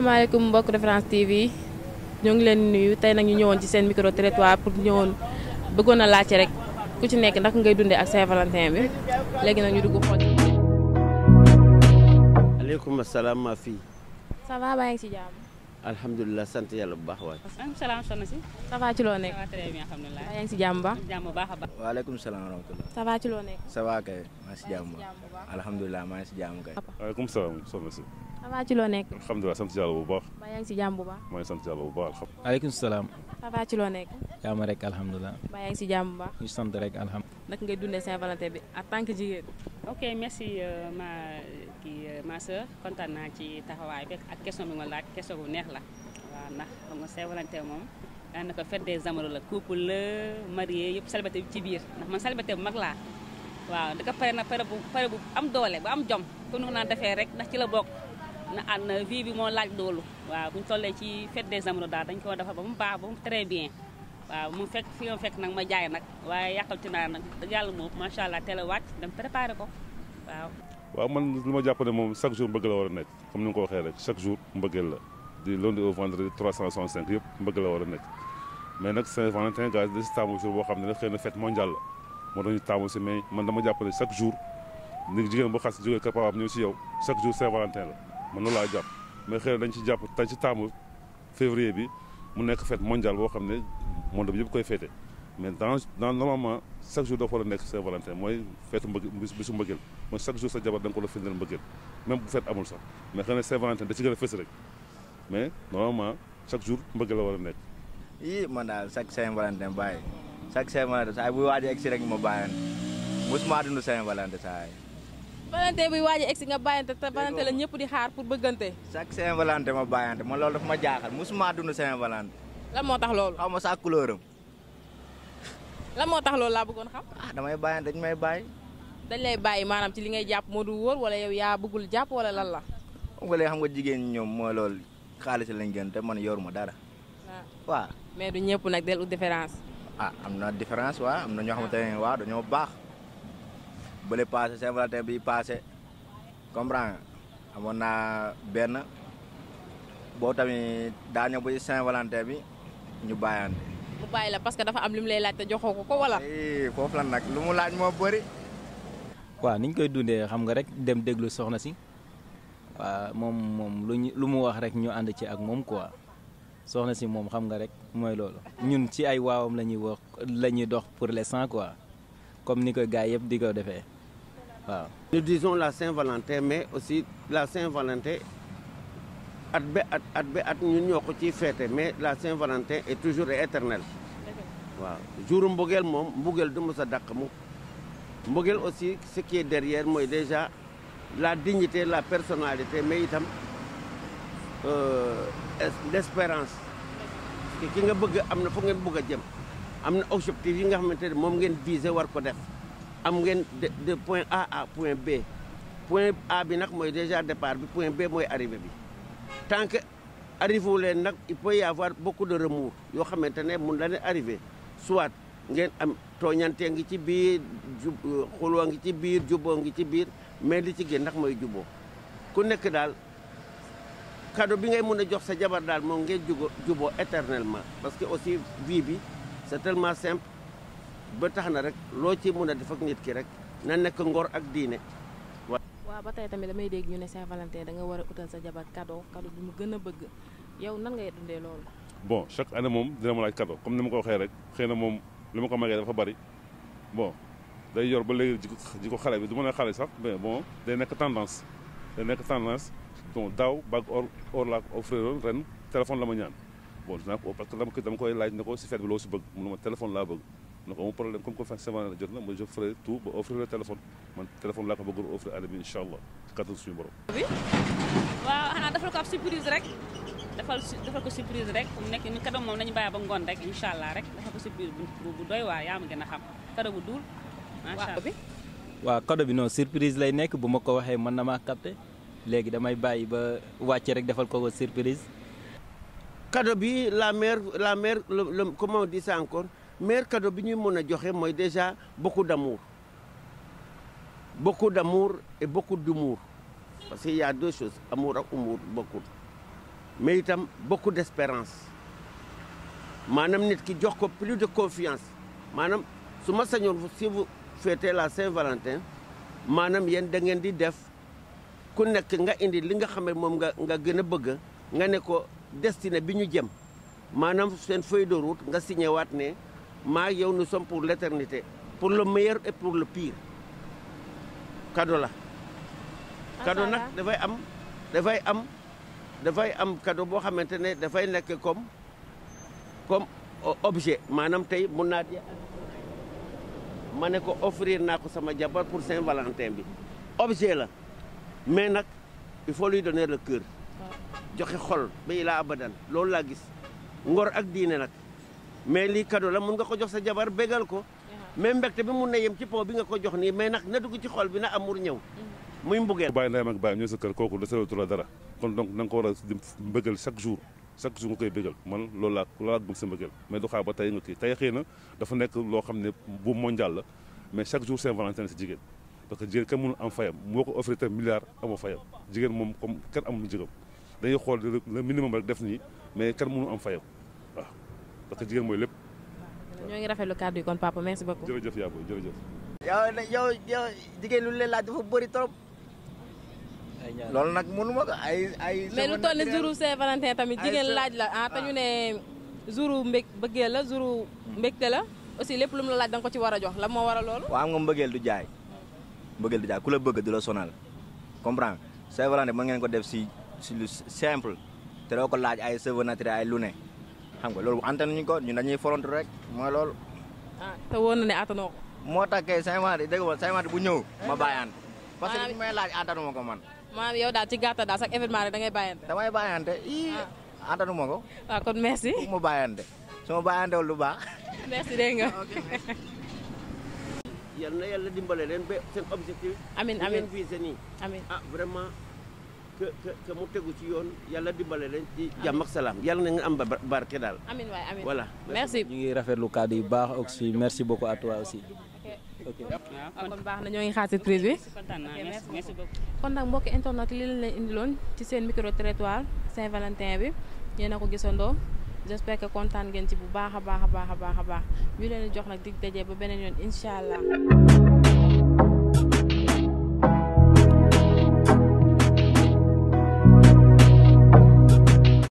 asalaamaaleykum mbokk référence TV ñoo ngi leen nuyu tey nag ñu ñëwoon ci seen micro territoire pour ñëwoon bëggoon a laajte rek ku ci nekk naka ngay dundee ak Saint-Valentin bi léegi nag ñu dugg xool. aleykum salaam ma fii. ça va baa ngi ci jàmm. alhamdulilah sant yàlla bu baax waay. maaleykum salaam soxna si. ça va ci loo nekk. ça va très bien alhamdulilah. yaa ngi si jàmm bu baax. jàmm bu baax a baax. waaleykum salaam wa rahmatulah. ça va ci loo nekk. ça va kay. maa ngi si jàmm bu baax ngi si jàmm kay. waaleykum salaam si. ça va ci loo nekk. alhamdulilah sant yàlla bu baax. mbaa yaa ngi si jàmm bu baax. maa ngi sant yàlla salaam. ça ci loo nekk. yaa rek alhamdulilah. mbaa yaa ngi si jàmm bu baax. ñu sant rek alhamdulilah. ngay dundee saint bi en tant que jigéen. ok merci euh, ma kii euh, ma kontaan naa ci taxawaay bi ak question laaj question bu neex la waaw ndax xam moom daanaka fête des amoureux la couple la yëpp célibataire ci biir ndax man célibataire bu mag laa waaw da pare na pare bu am doole bu am jom comme ni ko defee rek ndax ci la bokk. na ànd vie bi moo laaj loolu waaw bu ñu tollee ci fête des daal dañ koo defar ba mu baax ba mu très bien waaw mu fekk fi ma fekk nag ma jaay nag waaye yàqalti naa nag dëgg yàlla moom macha allah teel a wàcc dem préparé ko waaw. waaw man li ma jàpp ne moom chaque jour mbëgg la war a nekk comme ni nga ko waxee rek chaque jour mbëggeel la di lundi au yëpp mbëgg la war a nekk mais nag Saint-Valentin gars yi si taamu jour boo xam ne nag xëy na fête mondiale la moo tax ñu taamu si mais man dama jàpp ne jour nit jigéen mën na laa jàpp mais xëy dañ ci jàpp tey ci taamu février bi mu nekk fête mondiale boo xam ne monde bi yëpp koy féete mais dans dans normalement chaque jour dafa war a nekk Saint-Valentin mooy feetu mbëggeel bisu mbëggeel mooy chaque jour sa jabar da nga ko la firndeel mbëggeel même bu feet amul sax mais xëy na Saint-Valentin da ci gën a fës rek mais normalement chaque jour mbëggeel la war a nekk. ii man daal chaque Saint-Valentin bàyyi chaque Saint-Valentin saa yi bu waaj a ma bàyyi mosuma dund yi Valentin bi waaj a si nga bàyyante te Valentin la ñëpp di xaar pour bëggante. chaque Saint Valentin ma bàyyante man loolu dafa ma jaaxal mosuma dund Saint Valentin. moo tax loolu. xaw ma sa couleur am. lan moo tax loolu laa bëggoon xam. ah damay bàyyante dañ may bàyyi. dañ lay bàyyi maanaam ci li ngay jàpp moo du wóor wala yow yaa bëggul jàpp wala lan la. xam nga xam nga jigéen ñoom mooy loolu xaalis lañ gën te man yoruma dara. Ah. waaw mais du ñëpp nag del ut différence. ah am na différence waa am na ñoo xamante ne waaw dañoo baax bële paase Saint-Valentin bi paase comprendre nga amoon naa benn boo tamit daa ñëw ba Saint-Valentin bi ñu bàyyante. mu bàyyi la parce que dafa am li mu lay laaj te joxoo ko ko wala. foofu la nag lu mu laaj moo bëri. waaw ni ñu koy dundee xam nga rek dem déglu soxna si waaw moom moom lu ñu lu mu wax rek ñu ànd ci ak moom quoi soxna si moom xam nga rek mooy loolu ñun ci ay waawam la ñuy wax la ñuy dox pour les cent quoi comme ni ko gars yëpp di ko defee. waaw nous disons la Saint-Valentin mais aussi la Saint-Valentin at ba at at ba at ñun ñoo ko ci feete mais la Saint-Valentin est toujours et éternelle waaw jour mbëggeel moom mbëggeel du mës a dàq mu mbëggeel aussi ce qui est mooy déjà la dignité la personnalité mais itam euh, l'espérance parce que ki nga bëgg am na fu ngeen bëgg a jëm am na objectif yi nga xamante ne moom ngeen viser war ko def am ngeen de point A à point B point A bi nag mooy déjà départ bi point B mooy arrivé bi tant que arrivé wu leen nag il peut y avoir yoo xamante ne mun na leen soit ngeen am tooñantee ngi ci biir jub euh, xuloo ngi ci biir juboo ngi ci biir mais li ci gën nag mooy juboo ku nekk daal cadeau bi ngay mën a jox sa jabar daal moom ngeen jugo juboo éternellement parce que aussi vie bi c'est tellement simple ba tax na rek loo ci mën a def ak nit ki rek na nekk ngor ak diine. waa waaw ba tey tamit damay dégg ñu ne Saint-Valentin da nga war a utal sa jabar cadeau cadeau bi mu gën a bëgg yow nan ngay ndee loolu. bon chaque année moom dina ma laaj cadeau comme ni ma ko waxee rek xëy na moom li ma ko magee dafa bari bon day yor ba léegi jiko jiko xale bi du ma a xale sax mais bon day nekk tendance day nekk tendance donc daaw bague or or laa ko offriroon ren téléphone la ma ñaan bon donc amul problème comme que fin semaine la jot na ko bëggoon offrir année bi incha allah ci kattan waaw xanaa defal ko ab surprise rek defal ko surprise rek mu nekk ni cadeau moom nañu bàyyi ba ngoon rek incha allah rek defal ko surprise bu bu bi lay nekk bu ma ko waxee mën na maa capté léegi damay bàyyi ba wàcce rek defal ko bi la mère la mère le le comment encore. meilleur kado bi ñuy mën a joxe mooy déjà beaucoup d'amour beaucoup d'amour et beaucoup d'humour parce qu'il y a deux choses ak humour beaucoup mais itam beaucoup d'espérance maanaam nit ki jox ko plus de confiance maanaam suma ma sañoon si vous fêtez la Saint-Valentin maanaam yéen da ngeen di def ku nekk nga indi li nga xam ne moom nga nga gën a bëgg nga ne ko destine bi ñu jëm maanaam seen feuille de route nga signé ne maa yow nous sommes pour l'éternité pour le meilleur et pour le pire kado la kado nag dafay am dafay am dafay am kado boo xamante ne dafay nekk comme comme objet maanaam tey mun naa di ma ne ko offrir naa ko sama jabar pour seen valentin bi objet la mais nag il faut lui donner la cœur joxe xol ba ilaa abadan loolu laa gis ngor ak diine nag mais lii cadeau mun nga ko jox sa jabar bégal ko mais mbégte bi mun na yem ci po bi nga ko jox nii mais nag na dugg ci xol bi na amour ñëw mm-hmm. muy mbugeel bàyyi ndeyam ak bàyyi ñëw sa kër kooku da salatu la dara kon donc na nga ko war a mbëggal chaque jour chaque jour nga koy bégal man loolu laa loolu laa bëgg sa du xaar ba tey nga kii tey xëy na dafa nekk loo xam ne bu mondial la mais chaque jour Saint-Valentin si jigéen parce que jigéen kenn mënul ko offrir tam milliard amoo fayam jigéen moom comme kenn amul jigam xool le def nii mais kenn fayam parce que jigéen mooy lépp. ñoo ngi rafetlu ka yi kon papa merci beaucoup. jërëjëf yaa booy jërëjëf. yow yow yow lu leen laaj dafa bëri trop. loolu nag mënu ma ko ay ay. mais lu tamit jigéen laaj la ah te ñu ne jour mbég bëggee la jour mbégte la aussi lépp lu la laaj da nga ko ci war a jox la moo war a loolu. waaw am nga mbëggeel du jaay mbëggeel du jaay ku la bëgg du la sonal comprendre Saint Valentin ko def si si lu simple te doo laaj ay cheveux naturels ay lu ne. xam nga loolu antenne ñu ko ñun dañuy forontu rek moo loolu. ah te woon na ne attanoo moo tax kay cinquante dégg nga cinquante bu ñëw ma bàyyante. parce que li may laaj attanu ko man. maanaam yow daal ci gàttal daal sax événement rek da ngay bàyyante. damay bàyyante ii ah. attanu ma ko. waaw ah, kon merci. mu bàyyante su ma bàyyantewul lu baax. merci dégg nga. yal na yàlla dimbale leen ba seen objectif. amiin amiin te ci yoon yàlla dimbale leen ci jàmm ak salaam yàlla na nga am barke daal. amiin waay amiin voilà. merci ñu ngi rafetlu kàddu yu baax aussi merci beaucoup à toi aussi. ok ah, kon baax na ñoo ngi xaar surprise bi. merci beaucoup kon nag mbokki internet li leen leen indiloon ci seen micro trottoir Saint-Valentin bi yéen a ko gisandoo. j'espère que kontaan ngeen ci bu baax a baax a baax baax a baax ñu leen jox nag dig daje ba beneen yoon incha allah.